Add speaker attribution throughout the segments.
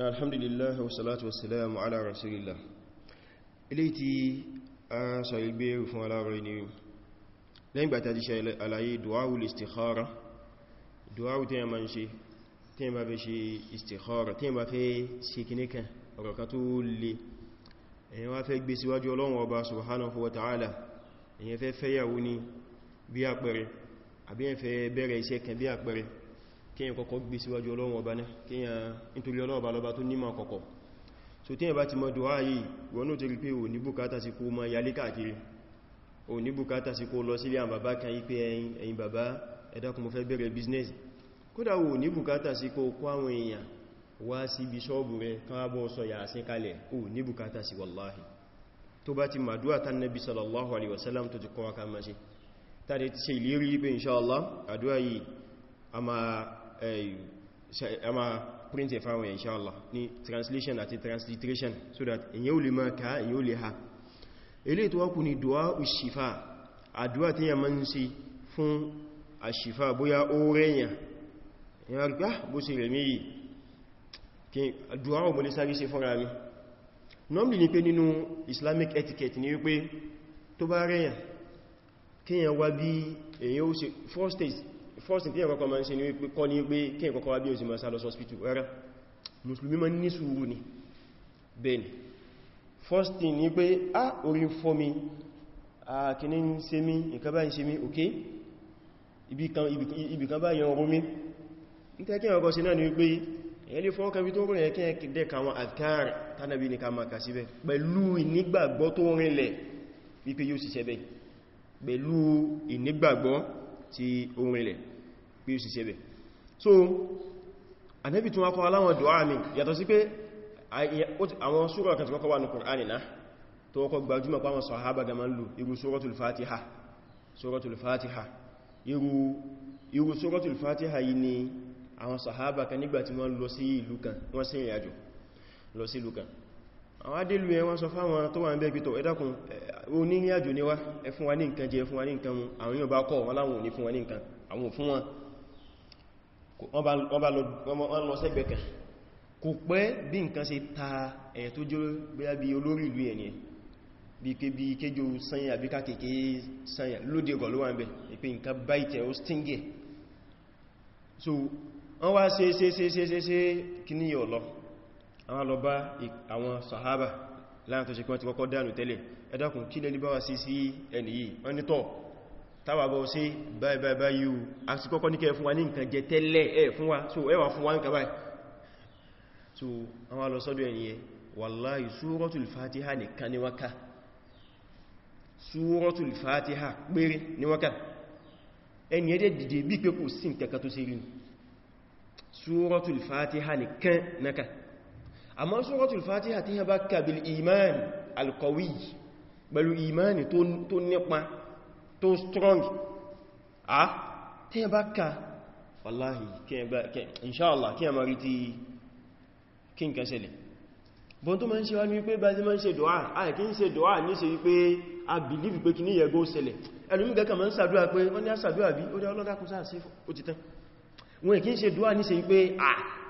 Speaker 1: na alhamdulillah wasalatu wasalamu ala rasulillah ilé tí a sọ ìgbé fún aláàrẹ ni lẹ́yìn gbàtà ti ṣe àlàyé duwawu istikhara duwawu tí a ma ń ṣe tí a bá fẹ́ ṣe istikhara tí a bá fẹ́ ṣe kìníkà ọ̀rọ̀ká tó lè èyàn wá fẹ́ gbé síwájú Ọlọ́run kíyàn kọ́kọ́ gbé síwájú ọlọ́run ọba náà kíyàn nítorí ọlọ́run ọba lọ́ba tó nímọ̀ kọ̀kọ̀ so tíyàn bá ti mọ́ dùá yìí wọ́n náà ti rí pé ò ní bùkátà sí kó mọ́ yalé business kódà ò ní bùkátà sí kó kó àwọn èèyàn wá sí ibi ṣọ́ọ̀bù rẹ káàbọ̀ sọ yà sí kalẹ̀ ò ní bùkátà sí wallahi tó bá ti màdúwà tán nabi sallallahu alaihi wasallam tó ti kọ́ wa máa ṣe tàbí ti ṣe ìlérí pé inṣáàlá àdúwà yìí a máa Eh, a máa print ẹ̀ fáwọn inshallah ní translation àti transliteration so that èyàn ò lè máa ká èyàn ò lè ha ilé tó wákù ni dùá òṣìfà àdúwà tí yà máa ń ṣe fún àṣìfà bóyá ó rẹ̀yàn èyàn rí pé ah, bó ṣe rẹ̀ méyì dùá ò mọ́lé sáré ṣe fọ́nra mi normally ni pé nínú Islamic etiquette ni wípé tó bá rẹ̀yàn kíyàn wá bí èyàn ó ṣe first stage first thing kíyàn kọ́kọ́ ma ń ṣe ni wípé kọ́ ní pé kíyàn kọ́kọ́ wá bí o sì ma sá lọ rárá musulmi ma ní sùúrù ni bẹ́ẹ̀ni first thing ni pé a orí fọ́ mi a kìní ń ṣe mi nǹkan bá ń ṣe mi ok ibìkan bá yàn rú ní tẹ́ kíyàn sí náà ni wípé èyàn lè fọ́ọ́kan bí tó rìn ẹ̀kẹ́ dẹ̀ kàwọn àkáàrẹ̀ tánàbí ní ká ma kà síbẹ̀ pẹ̀lú ìnígbàgbọ́ tó rìnlẹ̀ wípé yóò ṣiṣẹ́ tí ó rìnlẹ̀ bí ó sì ṣe bẹ̀ so anẹ́bì tún wákọ́ aláwọn dùá mi yàtọ̀ sí pé àwọn súrọ̀ kan tí wọ́n kọ́ wà ní Kùránì náà tó wọ́kọ́ gbajúmọ̀ pàwọn sàhábà ga máa ń lò irú suratul fatiha suratul fatiha irú suratul fatiha yìí ni àwọn sàhábà kan nígbà tí wọ́n lọ sí ìlú kan wọ́n sí ìrìnàjò lọ sí ìlú kan àwọn adélu ẹ wọ́n sọ fáwọn tó wà ń bẹ́ẹ̀ pítọ̀ ẹ̀dàkùn onírìnàjò níwá ẹ fún wa ní nǹkan jẹ fún wa ní nǹkan mu àwọn yóò bá kọ̀ wọ́n láwọn ò fún wa ní nǹkan àwọn fún wọn wọ́n lọ sẹ́gbẹ̀ẹ́ kò pẹ́ bí nǹkan ṣe ta ẹ̀ tó jẹ́ bóyá bí olórí ìlú ẹ̀ sanya bí kákèké sanya lóde gọ̀ ló wà ń so wọ́n wá ṣe ṣe ṣe ṣe ṣe kí ní àwọn lọ bá àwọn sàhábà láàrín tó ṣe kí wọ́n ti kọ́kọ́ dánù tẹ́lẹ̀ ẹ dákun kí lẹ́lẹ́ bá wá sí sí ẹni yìí wọ́n ní tọ́ tàbàbọ̀ sí báyìí a sì kọ́kọ́ ní kẹ́ fún wa ní nǹkan so ẹwà fún wa nǹkan so àwọn lọ sọ́dọ̀ ẹni yẹ fatiha nìkan ni wákà súrọ́tul fatiha péré ni wákà ẹni ẹdẹ́ dìde bí pé kò sí nǹkan tó ṣe rí súrọ́tul fatiha nìkan náà àmọ́ suratul fatiha tí a bá kàbí iman alkọ̀wí pẹ̀lú imani tó nípa tó strong a tí a bá ká wallahi inṣáàlá kí a mari ti kí n kẹsẹ̀lẹ̀ bọ́n tó máa ń ṣe wá ní wípé bá ti máa ń ṣe dọ́à àì kí ń ṣe dọ́à ní ṣe wípé a believe pé kí ní yẹ gó wọn kìí se dúwà ní ṣe wípé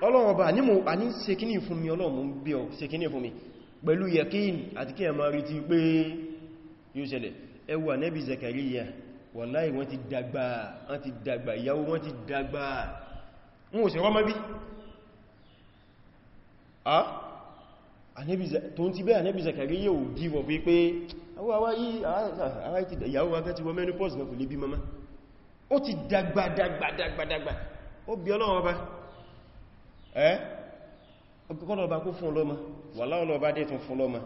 Speaker 1: ọlọ́run ọba ní mo a ní ṣe kíní fún mi ọlọ́run bí ọ ṣe kíní fún mi pẹ̀lú yakin àti kí ẹmà rí ti pé yóò ṣẹlẹ̀ ẹ wo Ànábì Zakariya wàláhì wọ́n ti dàgbà wọ́n ti dàgbà ìyàwó wọ́n ti dàgbà wọn ò sì rọ́mọ́ bí tó ń ti bẹ́ Ànábì Zakariya ò give up wípé àwọn àwọn ìyàwó wọ́n ti dàgbà dàgbà ó bí ọlọ́run ọba ẹ́ ọgbọ́lọ́ọba kó fún ọlọ́mọ wà láọlọ́ọba dẹ̀ tún fún ọlọ́mọ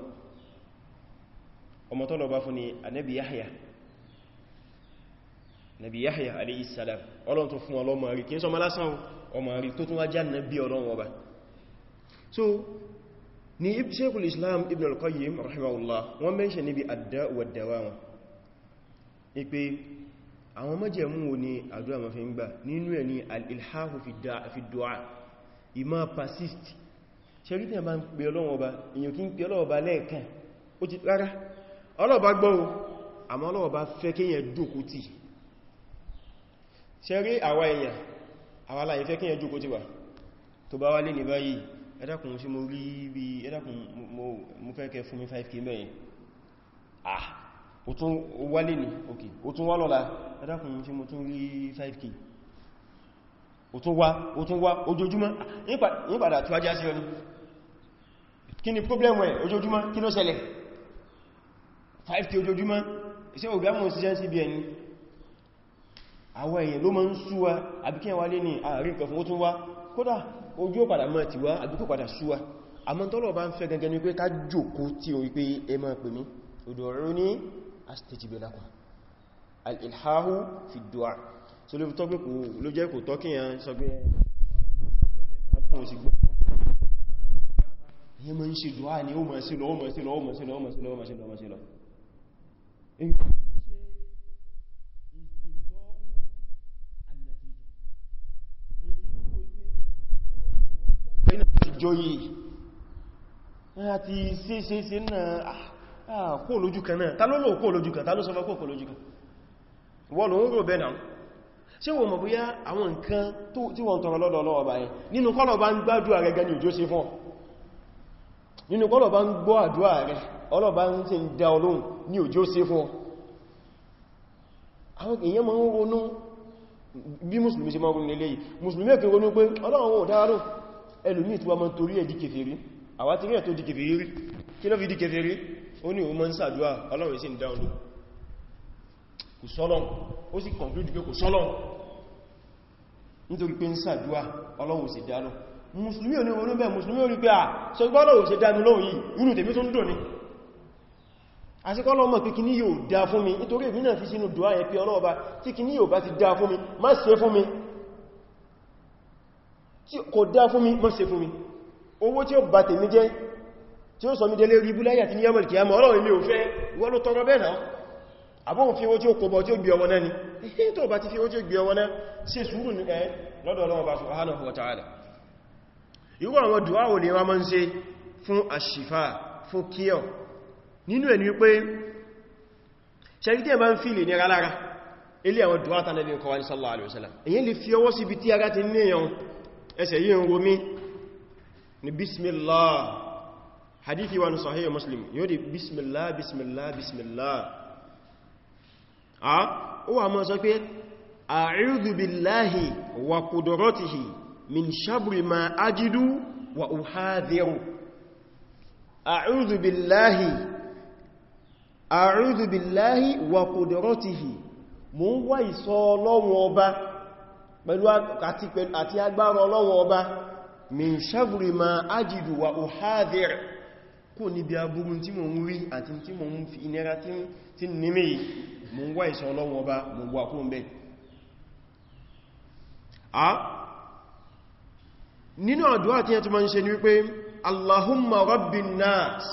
Speaker 1: ọmọ tọ́lọ́ọba fún ni anẹ́bì Yahya nabi Yahya alayhi salam ọlọ́run tó fún ọlọ́mọ rí so ni Shaykhul Islam Ibn al-Qayyim rahimahullah wọ́n mẹ́ṣẹ̀ níbi ad-da' wa àwọn májẹ̀mú wo ni àdúrà ma fi ń gbà nínú ẹ̀ ni al-ilhahu fi du'a ìmá persist ṣerí a bá ń pè Ọlọ́run Ọba èyàn kí ń pè Ọlọ́run Ọba lẹ́ẹ̀kan ó ti rárá Ọlọ́run Ọba gbọ́ àmọ́ Ọlọ́run Ọba fẹ́ kíyàn jókòó tì ṣerí àwa èyàn àwa láyé fẹ́ kíyàn jókòó tì wà tó bá wálé ní báyìí ẹ dákun sí mo rí ah ó tún wálé ní òkè ó tún wá lọ́la ẹ̀dàkùn tí mo tún rí 5k ó tún wá ó tún wá ojoojúmọ́ nípadà tó ajá sí ọ ní kí ni problem ẹ̀ ojoojúmọ́ kí ló ṣẹlẹ̀ 5k ojoojúmọ́ iṣẹ́ òbí àmọ́ òṣìṣẹ́ sí bí ẹni àwọn èèyàn ló máa ń súwa àbíkí ẹwà lé ní àárín nǹkan fún ó tún wá kódà ojú ó padà mọ́ ti wá àbíkò padà súwa àmọ́ tọ́lọ̀ bá ń fẹ́ gẹ́gẹ́ ní pé ká jòkó tí ó wípé ẹ máa pè mí òdò ọ̀rọ̀ ní astajibe lakum al-ilhahu fi du'a so ló fi kò ló jẹ́ kò tọ́kíyàn sọ pé ẹ̀yẹ́ mọ́ ń ṣe du'a ni ó mọ̀ sí lọ ó mọ̀ sí lọ ó mọ̀ sí lọ ó mọ̀ sí lọ ó mọ̀ sí lọ ó mọ̀ sí lọ joyi àti sí sí sí náà Ah, kó lójú kan náà ta ló lò kó lójú kan ta ló sọ fún kó lójú kan wọ́n lò ń rò bẹ́ẹ̀ náà ṣe wọ́n mọ̀ bóyá àwọn nǹkan tí wọ́n tọrọ lọ́dọ̀ ọlọ́ọ̀bá yẹn nínú kọ́lọ̀ bá ń gbádùn ààrẹ gẹni òjò sí fún nínú kọ́lọ̀ bá ń gbọ́ àdúrà rẹ̀ ọlọ́ọ̀bá ń ti ń dá olóhùn ní òjò ó ní òun mọ́ ń sàdúwà ọlọ́run sí ń dáun ló kò sọ́lọ́n ó sì conclude pé kò sọ́lọ́n nítorí pé ń sàdúwà ọlọ́run sì dá lọ mùsùlùmí òní orí bẹ́ẹ̀ mùsùlùmí orí pé à sọ gbọ́ ọlọ́run sì dá mi lóhun yìí inú tèmi tó ń dùn ní àsìkọ́ lọ́mọ̀ pé kíní yóò dá fún mi nítorí èmi náà fi sínú dùá ẹ̀ pé ọlọ́ọ̀bá tí kíní yóò bá ti dá fún mi má ṣe fún mi tí kò dá fún owó tí ó bá tèmi jẹ́ tí ó sọ mi délé ríbú láyé àti ní yàmàlì kìí àmà ọlọ́run ilé òfẹ́ wọ́n ló tọrọ bẹ́ẹ̀ náà àbóhùn fi owó tí ó kọbọ̀ tí ó gbé ọwọ́ náà ni ihe tó bá ti fi owó tí ó gbé ọwọ́ náà ṣe sùúrù ní ẹ lọ́dọ̀ ọlọ́run bá subhanahu wa ta'ala irú àwọn dùá wo hadithi wa sahih muslim yóò di bismillah bismillah bismillah a ó wà mọ́ sọ pé a'udhu billahi wa qudratihi min shabri ma ajidu wa uhadhiru a'udhu billahi a'udhu billahi wa qudratihi mo ń wá ìṣọ́ Ọlọ́run ọba pẹ̀lú àti agbára Ọlọ́run ọba min shabri ma ajidu wa uhadhiru kò níbi agbúrú tí mo ń rí àti tí mo ń fi ìnira tí ní mẹ́ mo ń wá ìṣọ́ ọlọ́wọ́ ọba mo wà kó ń bẹ́ a nínú àdúwà tí ẹ̀tù ma ń ṣe ní wípé allahumma rabbin nas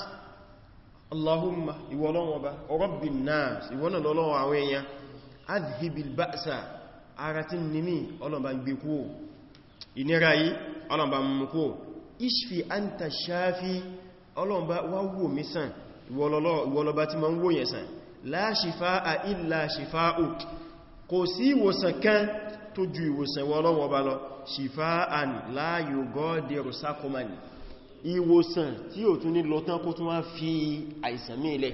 Speaker 1: allahumma ìwọ ọlọ́wọ́ ọba rabbin nas ìwọ lọ́lọ́wọ́ ọlọ́run bá wá wò mí sàn ìwọlọ́lọ́ba tí ma ń wò yẹn sàn la shifaa illa shifaa'uk kò sí ìwòsàn kan tó ju ìwòsàn ìwọ ọlọ́run ọba lọ shifaa'an la yughadiru saqaman ìwòsàn tí ò tún ní lọ tán kó tún wá fi àìsàn mí ilẹ̀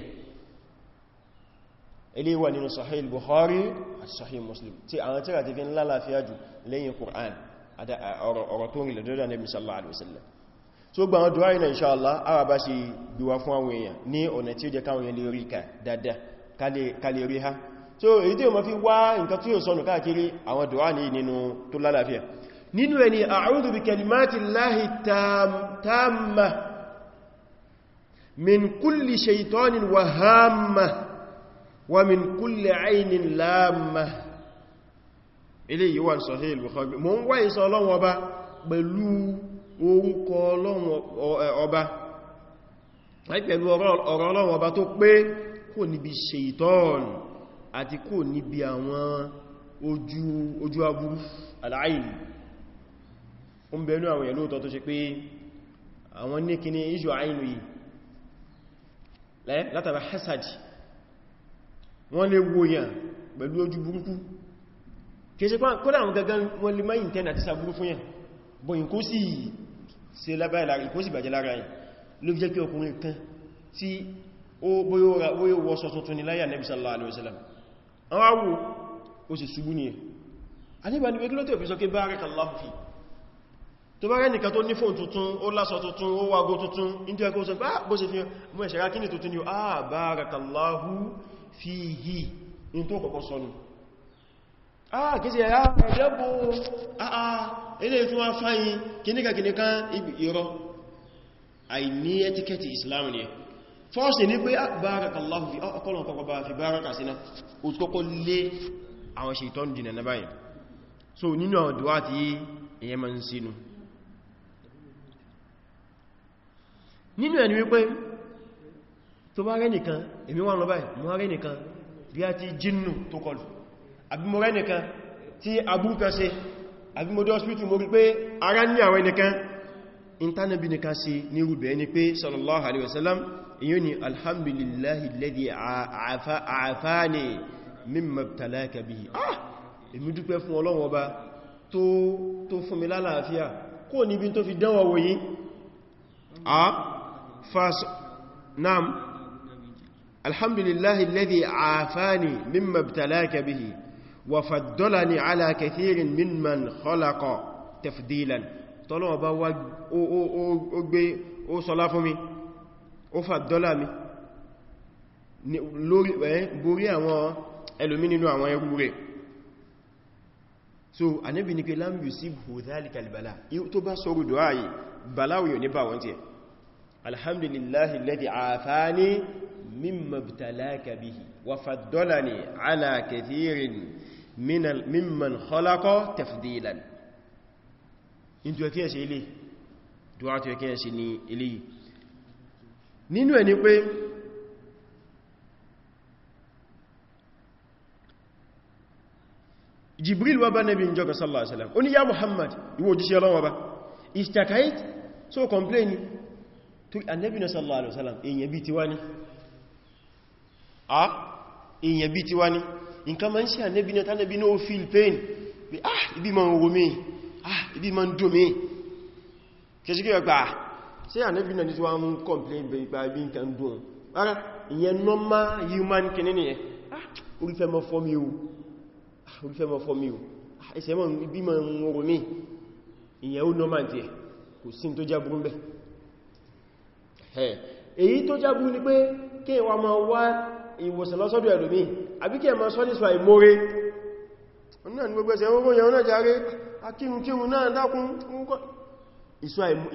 Speaker 1: ilé wà nínú sahih bukhari àti sahih muslim tí àwọn tíra ti fi ń lálàáfíà jù lẹ́yìn qur'an ọ̀rọ̀ tó rìn lọ́dọ́dọ́ nabi sallallahu alaihi so gba wọn duwari na inṣáàlá ara bá ṣe gbíwa fún àwọn èèyàn ní ọ̀nà tí ó jẹ káwọn èèyàn lè rí ká dáadáa ká lè rí ha so èyí tí ó ma fi wá nǹkan tí ó sọnù káàkiri àwọn duwa ní nínú tó lálàáfíà nínú ẹni a'udhu bi kalimati llahi tamma min pẹ̀lú orúkọ ọlọ́run ọba pẹ̀lú ọ̀rọ̀ ọlọ́run ọba tó pé kò níbi ṣeìtọ́ọ̀n àti kò níbi àwọn ojú aburú aláìlú o ń bẹ̀rún àwọn ìyẹ̀lú tó ṣe pé àwọn ní kí ní ìṣò àìlú yìí látàrí hasad wọ́n lè wòyàn pẹ̀lú ojú burúkú kìí ṣe kọ́lá àwọn gangan wọ́n lè máyìn tẹ́nà àti fún yàn bọ̀yìn kó sí yìí ṣe lábáyé lára ìkó sì bàjẹ́ lára yìí ló fi jẹ́ pé ọkùnrin kan tí ó bóyó wọ́sọ tuntun ni láyà nẹ́bí sallallahu alaihi wasallam àwọn awò ó sì ṣubú ní ẹ̀ alẹ́bàá ni wé kílọ́tẹ̀ òfin sọ pé barakallahu fi tó bá rẹ̀ nìkan tó ní fóòn tuntun ó lásọ tuntun ó wágó tuntun ní ẹkọ́ sọ pé ah bó ṣe fi mọ́ ìṣẹ́ra kí ni tuntun ah barakallahu fihi in ah kìí sí ah, ẹ̀yà ẹ̀jẹ́bò ah ah ilé tó wá fáyín kìníkàkìníkà ìrọ àìní ẹtíkẹ́tì islam ni fọ́ọ̀sì ní pé ah, bárakallahu fi ah, ọkọ̀lọ̀ kọkọ̀ bá fi báraka síná ó tó kọ́kọ́ lé àwọn ṣètọ́n so nínú àwọn duwá ti èyẹ ma ń sínú nínú ẹni wípé tó bá rẹ́ nìkan èmi wà lọ báyìí mọ́ rẹ́ tí abúrúkẹ́ sí àbí mo dé hospital mo rí pé ara ní àwọn ẹnìkan ìntánàbí nìkan sí ní rúbẹ̀ ẹni pé sallallahu alaihi wasallam èyí ni alhamdulillahi alladhi àfáàní mimma ibtalaka bihi ah èmi dúpẹ́ fún Ọlọ́run ọba tó fún mi lálàáfíà kó níbi tó وفضلني على كثير ممن خلق تفضيلا tọ́lọ́wọ́ bá wá ó gbé ó sọlá fún mi ó fà mi lórí ẹ̀ borí àwọn ẹlòmí nínú àwọn ẹrú rẹ̀ so anẹ́bì ní pé lam yusibhu dhalika al-bala tó bá sọ́rọ̀ dọ́ ààyè baláwòyò ní bá wọ́n وفضلني على كثير من ال... ممن خلق تفضيلا انتو يكيه سي إلي دعاتو يكيه سي إلي nínú ẹni pé jibril wá bá nabi njọ́ sallallahu alaihi wasallam ó ní ya muhammad ìwọ òjíṣẹ́ Ọlọ́run bá istakait so complain to annabi sallallahu alaihi wasallam èyàn bí ti wá ní a ah, èèyàn bí ti wá ní nǹkan ma ń ṣe ànẹ́bí náà tánẹ́bí náà feel pain pé ah ibi ma ń wo mi ah ibi ma ń dò mi kẹsíkẹ́ ọgbà ṣe ah, ànẹ́bí náà ní tí wá ń complain bẹ̀ ibi nǹkan dùn ara ìyẹn normal human kìnnì ah orí fẹ́ mọ́ fọ́ mi o ah, ah ibi ma ń wo mi ìyẹn ó normal tiẹ̀ kò ìwòsàn lọ́sọ́dọ̀ ẹlòmí àbíkẹ́ ma sọ́ nísọ àìmóre náà ni gbogbo ẹsẹ̀ ogun yẹn náà jàre akírunkírun náà dákún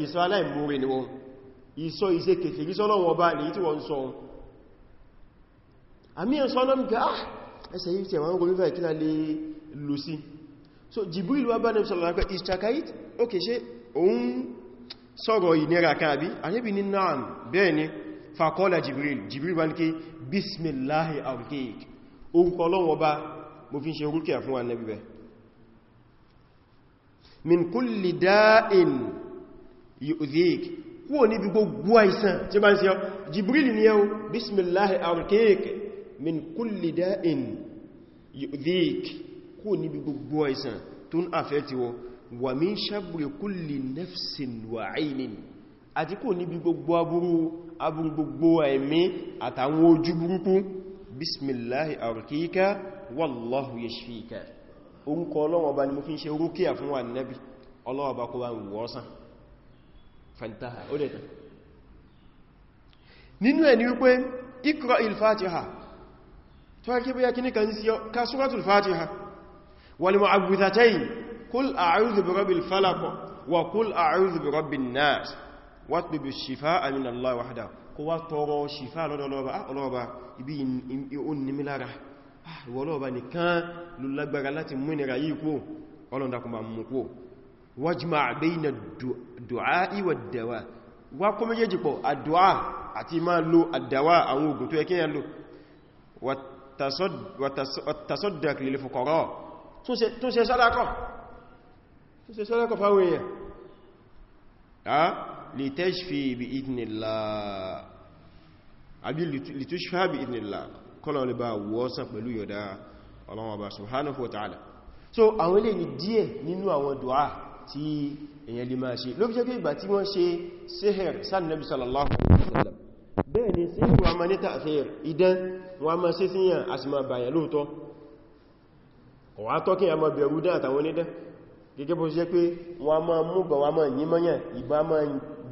Speaker 1: ìsọ aláìmóre ni wọn ìsọ ìṣe kèfèrí sọ́lọ́wọ́ bá ní tí wọ́n sọ àmì ẹ̀sọ́ ọlọ́mìkà ah, ẹsẹ̀ yìí tẹ̀wọ́n ogun nífẹ̀ẹ́ kí lálé lò so Jibril wá bá ní sọ̀rọ̀ lápẹ́ istakait ó kèṣe òun sọ̀rọ̀ ìnira kan fàkọ́lá jibril jibril bá ní kí bismillahi arkeik orúkọ ọlọ́wọ́ bá mo fi ń ṣe orúkẹ fún annabi bẹ min kulli da'in yu'dhik kúrò níbi gbogbo àìsàn tí bá ń ṣe jibril ni yau bismillahi arkeik min kulli da'in yu'dhik kúrò níbi gbogbo àìsàn tó ń àfẹ́ wà min sharri kulli nafsin wa'inin àti kúrò níbi gbogbo aburú abúrú gbogbo ẹ̀mí àtàwọn ojú burúkú bismillahi arkika wallahu yashfika orúkọ ọlọ́wọ́ ọba ni mo fi ń ṣe rúkíà fún wa nẹ́bí ọlọ́wọ́ ọba kó bá ń wọ́sàn fantaha ó dẹ̀ta nínú ẹ̀ ni wípé ikra il tó wá kí bóyá kí ní kan sí ká suratul fatiha wal mu'awwidhatayn kul a'udhu bi rabbil falaq wa kul a'udhu bi rabbin nas wátbìbì ṣìfà àmìn Allah wahda kó wá tọrọ ṣìfà lọ́dọ̀lọ́ba ọlọ́ba ibi onímìlára ìwọlọ́ba nìkan ló lágbára láti mú ìnira yìí kó ọlọ́ndakùnbà mú kó wajma bayna du'a'i wad dawa wá kó méjèèjì pọ̀ àdúà àti máa lo àdáwà àwọn oògùn tó yẹ kíyàn litashfi bi idhnillah àbí litashfi bi idhnillah kọ́nà lè bá wọ́sàn pẹ̀lú yọ̀dá Ọlọ́run Ọba subhanahu wa ta'ala so àwọn ilé ni díẹ̀ nínú àwọn dùá tí èyàn lè máa ṣe ló fi jẹ́ pé ìgbà tí wọ́n ṣe seher san nabi sallallahu alaihi wasallam bẹ́ẹ̀ ni sí wọ́n ma ní ta'khir idan wọ́n ma ṣe síyàn gẹ́gẹ́ bó ṣe pé wọ́n ma mú gbà wọ́n ma yí mọ́yàn ìbá ma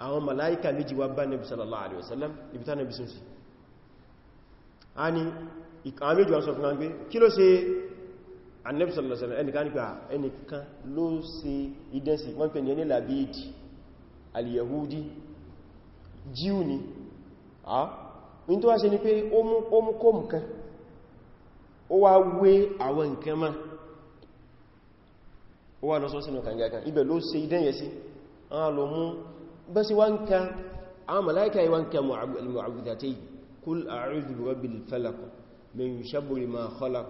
Speaker 1: àwọn màláíkà méjì wá bá nabi sallallahu alaihi wasallam ibi tánàbí sun sí a ni àwọn méjì wá sọ fún agbé kí ló ṣe annabi sallallahu alaihi wasallam ẹnìkan ló ṣe idẹ́sì wọ́n pè ní ẹni labidi al-yahudi jíù ni bẹ́sí wọ́n ká àwọn màláíkà yí wọ́n ká al-mu'awwidhatayn kul a'udhu bi rabbil falaq min sharri ma khalaq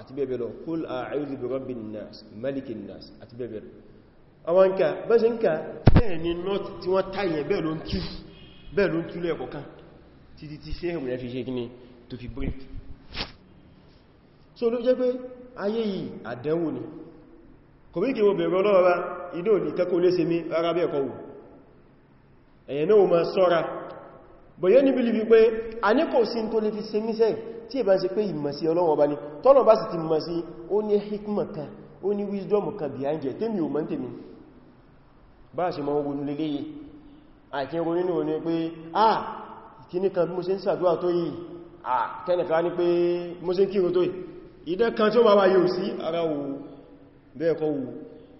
Speaker 1: àti bẹ́ẹ̀ lọ kul a'udhu bi rabbin nas malikin nas àti bẹ́ẹ̀ lọ àwọn ká bẹ́sí ká bẹ́ẹ̀ ni not tí wọ́n táyẹ bẹ́ẹ̀ ló ń tú lẹ́ẹ̀kọ̀kan títí tí ṣe ẹ̀mù ìdó ní kẹ́kọ́ lé sí mi rárá bí ẹ̀kọ́ wù ẹ̀yẹ̀ náà ma sọ́ra bọ̀ yẹ́ níbi lífi pé a ní kò sí tó lè fi se mísẹ̀ tí ìbá ṣe pé ìmọ̀sí Ọlọ́run ni tọ́lọ̀ bá sì ti mọ̀ sí ó ní hikma kan ó ní wisdom kan bí áńjẹ tèmi ò mọ̀ tèmi bá ṣe mọ́ ogun lélẹ́yẹ àti ẹgbẹ̀rún ah kíní kan mo ṣe ah kẹ́nìkan ní pé mo ṣe ń kírò tó yìí ìdẹ́ kan tí ó bẹ́ẹ̀kọ́ wò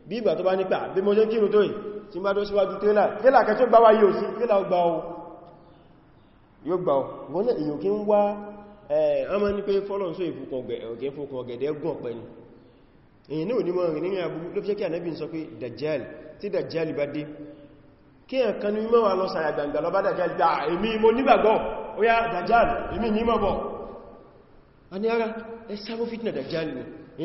Speaker 1: bí ìgbà tó bá nípa bí mo ṣe kírù tó yìí tí bá tó síwájú tẹ́lá tẹ́lá kẹ́ tó gbá wá yóò sí tẹ́lá gbá o yóò gbá o wọ́n èyàn kí ń wá ọmọ ní pé fọ́lọ̀ só ọ̀pẹ́ ni èyàn náà ní mọ́ rìn nínú àbúrú ló fi jẹ́ kí ànábì sọ pé dajjal mo nígbàgbọ́ ó yá dajjal èmi ní mọ́ bọ̀ a ní ara ẹ sábó fitna ni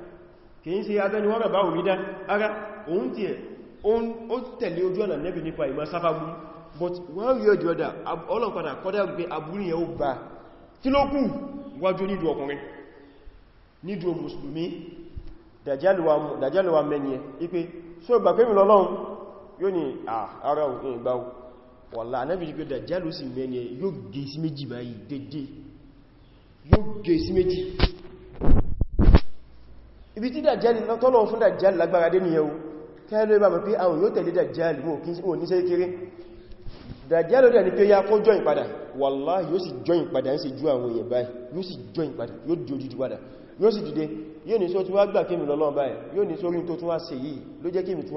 Speaker 1: kìí ṣe abẹ́ni wọ́n rẹ̀ bá orí dá ara òun tí ẹ̀ ó tẹ̀lé ojú ọ̀nà nẹ́bì nípa ìmọ̀ sáfàbú but wọ́n rí ojú ọ̀dá ọlọ́pàá kọ́dá gbé abúrí yẹ ó bá kí ló kù wájú nídú ọkùnrin nídú mùsùlùmí dàjálùwà mẹ́niẹ̀ ipé só ìgbà pé mìlọ́lọ́run yóò ní ara òun ìgbà wọ̀lá anẹ́bì ní pé dàjálù sí mẹ́niẹ̀ yóò gé sí méjì báyìí dédé yóò gé sí méjì ibi tí dàjálì tọ́lọ̀ fún dàjálì lágbára dé nìyẹn o kẹ́lú ibà mọ̀ pé àwọn yóò tẹ̀lé dàjálì wọ́n ní sẹ́ kéré dàjálì rẹ̀ ni pé ya kó jọ ìpadà wallahi yóò sì jọ ìpadà ń ṣe ju àwọn èèyàn báyìí yóò sì jọ ìpadà yóò di ojúdi padà yóò sì dìde yóò ní só tí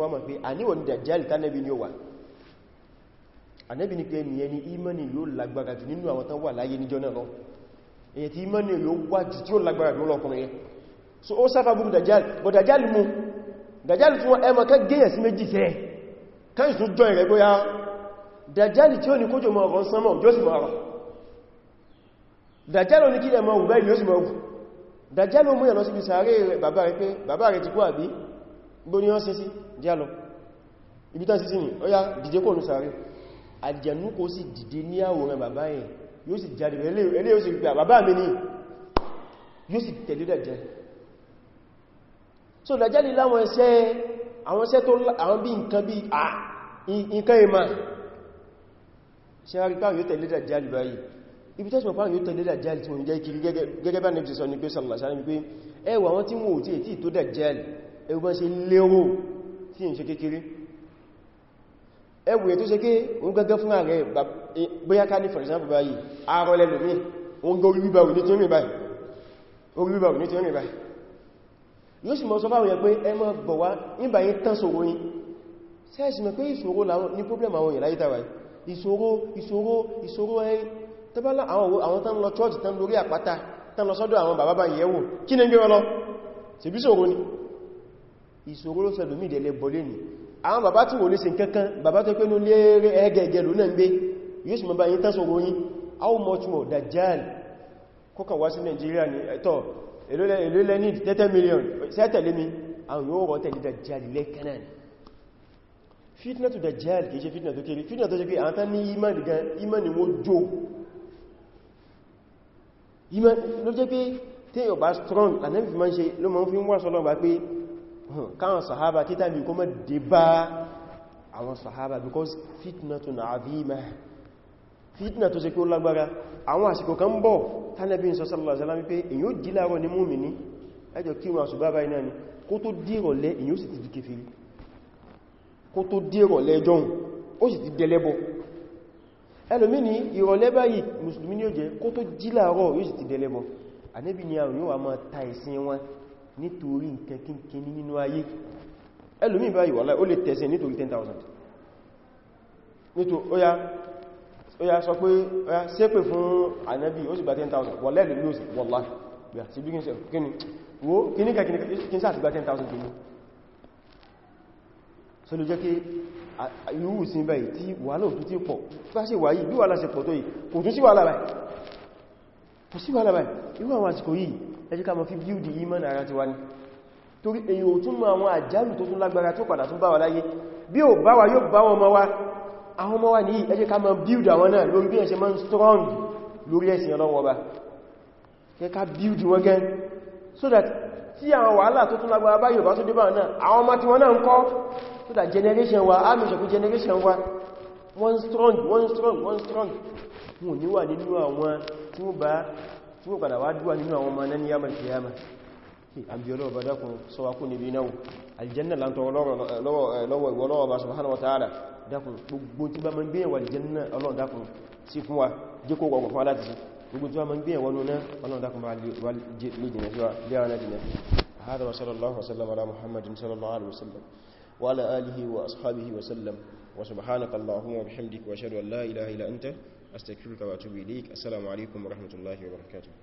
Speaker 1: wá ni dàjálì kánẹ́bí ni ó wà ni pé ènìyàn ni ìmọ́ni yóò lágbára jù nínú àwọn tán wà láyé níjọ́ náà lọ èyàn tí ìmọ́ni yóò wá jù tí ó lágbára jù lọ́kùnrin so ó sáfà búrú dajjal but dajjal mú dajjal tí wọ́n ẹmọ ká gẹ́yẹ̀ sí méjì sẹ́ káyì tó jọ ìrẹ́ bóyá dajjal tí ó ní kójò mọ́ ọ̀rọ̀ sánmọ̀ yóò sì mọ́ ọ̀rọ̀ dajjal ó ní kí ẹmọ ọ̀gbẹ́ yóò sì mọ́ ọ̀gbù dajjal ó mú ẹ̀lọ síbi sàárè rẹ̀ bàbá rẹ̀ pé ni ó yá dìde kò ní sàárè àjẹ̀nú kò sì dìde ní àwòrán bàbá yẹn yóò sì jáde ẹlé yóò so dajali láwọn iṣẹ́ àwọn iṣẹ́ tó àwọn bí nǹkan bí à nǹkan ìmá ṣe a rí pàwọn yóò tẹ̀lé dajali báyìí ibi tẹ́sùn pàwọn yóò tẹ̀lé dajali tí wọ́n jẹ́ kiri gẹ́gẹ́ bá nẹ́bí sọ ní pé sàlàsáàrí pé ẹwà wọn tí wọ́n ò tí tó dajali ẹwù bá ṣe lérò tí ń ṣe kékeré ẹwù ètò ṣe ké òun gẹ́gẹ́ fún ààrẹ bóyá ká ní for example báyìí àárọ̀ lẹ́lòmí òun gẹ́ orí bíbà òní tí ó mì báyìí yóò sì mọ́ sọ fáwọn èèyàn pé ẹ mọ́ bọ̀ wá nígbà yí tán ṣòro yí sẹ́ẹ̀sì mẹ́ pé ìṣòro ní problem àwọn èèyàn láyé tàwà ìṣòro ìṣòro ìṣòro ẹ̀yìn tẹ́bálá àwọn tán lọ church tán lórí àpáta tán lọ sọ́dọ̀ àwọn bàbá bá yẹ̀wò kí ní gbé wọn lọ ṣe bí ṣòro ni ìṣòro ló sẹ́lù mí ìdẹ̀lẹ̀ bọ̀lé ni àwọn bàbá tí wò lè ṣe kankan bàbá tó pé ní léèrè ẹgẹ̀ẹ̀gẹ̀ ló náà ń gbé yóò sì mọ́ bá yí tán ṣòro yí how much more Dajjal kọ́kàn wá sí Nàìjíríà ni ẹ̀tọ́ èlò lẹ ní 30 million sẹ́tẹ̀lé mi àwọn yóò rọ̀ tẹ̀lé dajjali lẹ́kanáà ni fitna tó dajjali kìí ṣe fitna tó kéré fitna tó ṣe pé àwọn tán ní imani gan imani wọ́n jó ló jẹ́ pé téèyàn bá strong anẹ́bì ma ń ṣe ló ma ń fi ń wá sọ́lọ́ bá pé because fitna tó na àbí fitna tó ṣe pé ó lágbára àwọn àsìkò kan bọ̀ tánẹ́bí ń sọ sallallahu alaihi èyí ó dí láàárọ̀ ní múmìní ẹjọ kí wọn àṣùgbà báyìí náà ni kó tó dírọ̀lẹ́ èyí ó sì ti di kèfèrí kó tó dírọ̀lẹ́ jọun ó sì ti dẹlẹ́bọ ẹlòmí ni ìrọ̀lẹ́ ni ó jẹ́ kó tó dí láàárọ̀ yóò sì ti dẹlẹ́bọ ànẹ́bí ni àwọn yóò wà máa ta ìsìn wọn nítorí nǹkan kínkín nínú ayé ẹlòmí báyìí wà láì ó lè ó yá sọ pé ọ̀yá ṣépè fún ànábì ó sì gba 10,000 wọ́n lẹ́lù lóòsì wọ́lá ti bí kíníkà kí n sáà ti gba 10,000 kìí so ló jẹ́ kí ìrúwù sí báyìí tí wàhálà òtú tí pọ̀ tó ṣe wà yìí bí wàhálà ṣe pọ̀ tó yìí kò tún sí wàhálà báyìí irú àwọn àsìkò yìí ẹ jẹ́ ká mọ̀ fi bíúdì yìí mọ́ ara ti wá ní torí èyí ò tún mọ̀ àwọn àjálù tó tún lágbára tó padà tún bá wa láyé bí ò bá wa yóò bá àwọn ọmọ wa ní ẹ jẹ́ ká máa build àwọn náà lórí bí ẹ̀ṣẹ́ máa ń strong lórí ẹ̀sìn ọlọ́wọ́ ọba ẹ ká build wọn gẹn so that tí àwọn wàhálà tó tún lágbára bá Yorùbá tó dé bá náà àwọn ọmọ tí wọ́n náà ń kọ́ so that generation wa á mẹ́ṣẹ̀ generation wa one strong one strong one strong wọn ní wà nínú àwọn tí wọ́n bá tí wọ́n padà wá dúwà nínú àwọn ọmọ náà ní yàmà kìyàmà àbí ọlọ́wọ́ bá dákùn sọ wá kú níbi náà aljanna lantọ́ lọ́wọ́ ìwọ́lọ́wọ́ bá subhanahu wa ta'ala dákun gbogbo tí bá mọ́ gbé ẹ̀wà Janna Ọlọ́run dákun sí fún wa jẹ́ kó wọ̀wọ̀ fún aláti sí gbogbo tí bá mọ́ gbé ẹ̀wà nuna Ọlọ́run dákun bá lè jìnà sí wa bí ara jìnà sí hada wa wasallam ala wasallam wa ala alihi wa